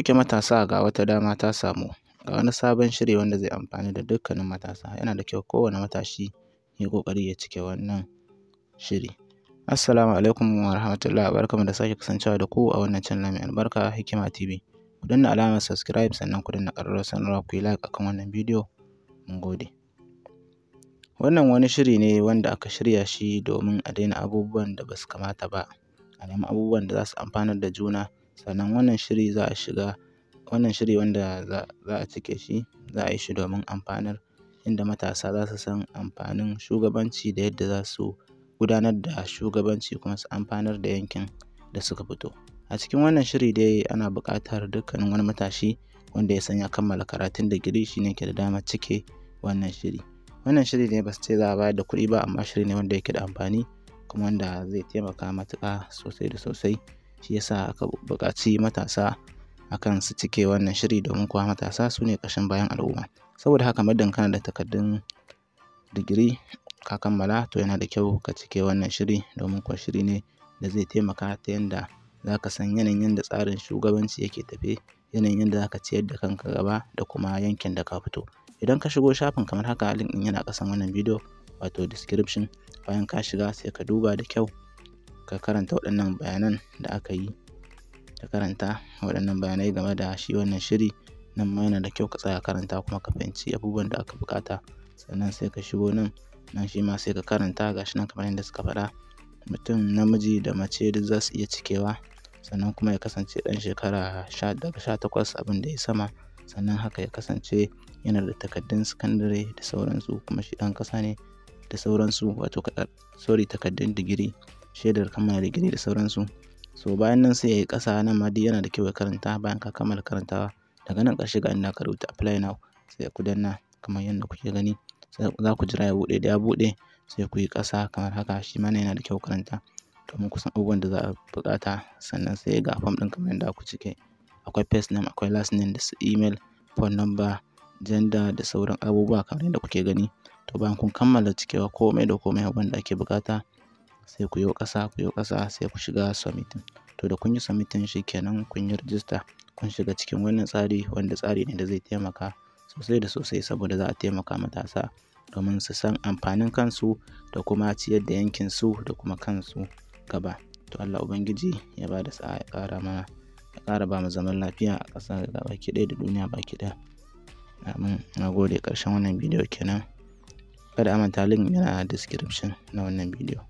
Kuke matasa ga wata dama ta samu, ga wani sabon shiri wanda zai amfani da dukkanin matasa. Yana da kyau kowane matashi ya kokari ya cike wannan shiri. Assalamu alaikum wa rahmatullah, barkamu da sake kasancewa da ku a wannan channel mai albarka Hikima TV. Ku danna alamar subscribe sannan ku danna ƙararrawar sanarwa ku yi like akan wannan bidiyo. Mun gode. Wannan wani shiri ne wanda aka shirya shi domin a daina abubuwan da ba su kamata ba, a nemi abubuwan da za su amfanar da juna Sannan wannan shiri za a shiga, wannan shiri wanda za, a cike shi, za a yi shi domin amfanar inda matasa za su san amfanin shugabanci da yadda za su gudanar da shugabanci kuma su amfanar da yankin da suka fito. A cikin wannan shiri dai ana buƙatar dukkanin wani matashi wanda ya san ya kammala karatun digiri shi ne ke da dama cike wannan shiri. Wannan shiri ne ba su ce za a bayar da kuɗi ba amma shiri ne wanda yake da amfani kuma wanda zai taimaka matuƙa sosai da sosai. shi yasa aka buƙaci matasa akan su cike wannan shiri domin kuwa matasa su ne ƙashin bayan al'umma saboda haka muddin kana da takardun digiri ka kammala to yana da kyau ka cike wannan shiri domin kuwa shiri ne da zai taimaka ta yanda za ka san yanayin yadda tsarin shugabanci yake tafe yanayin yadda za ka ciyar da kanka gaba da kuma yankin da ka fito idan ka shigo shafin kamar haka link ɗin yana ƙasan wannan bidiyo wato description bayan ka shiga sai ka duba da kyau ka karanta waɗannan bayanan da aka yi ka karanta waɗannan bayanai game da shi wannan shiri nan ma yana da kyau ka tsaya karanta kuma ka fahimci abubuwan da aka buƙata sannan sai ka shigo nan nan shi ma sai ka karanta ga shi nan kamar yadda suka faɗa mutum namiji da mace duk za su iya cikewa sannan kuma ya kasance ɗan shekara daga sha takwas abin da ya sama sannan haka ya kasance yana da takaddun sakandare da sauransu kuma shi ɗan ƙasa ne da sauransu wato sorry takaddun digiri shaidar kammala digiri da sauransu. So bayan nan sai ya yi ƙasa nan ma duk yana da kyau ya karanta bayan ka kammala karantawa daga nan ƙarshe ga inda ka rubuta apply now sai ku danna kamar yadda kuke gani za ku jira ya buɗe da ya buɗe sai ku yi ƙasa kamar haka shi ma yana da kyau karanta domin kusan abubuwan da za a buƙata sannan sai ga form ɗin kamar yadda ku cike akwai first name akwai last name da su email phone number gender da sauran abubuwa kamar yadda kuke gani to bayan kun kammala cikewa komai da komai da ake buƙata sai ku yo ƙasa ku yo ƙasa sai ku shiga submitting to da kun yi submitting kenan kun yi register kun shiga cikin wannan tsari wanda tsari ne da zai taimaka sosai da sosai saboda za a taimaka matasa domin su san amfanin kansu da kuma ciyar da yankin su da kuma kansu gaba to Allah ubangiji ya ba da sa'a ya ƙara mana ya ƙara ba mu zaman lafiya a ƙasa da baki ɗaya da duniya baki ɗaya amin na gode ƙarshen wannan bidiyo kenan kada amanta link yana description na wannan bidiyo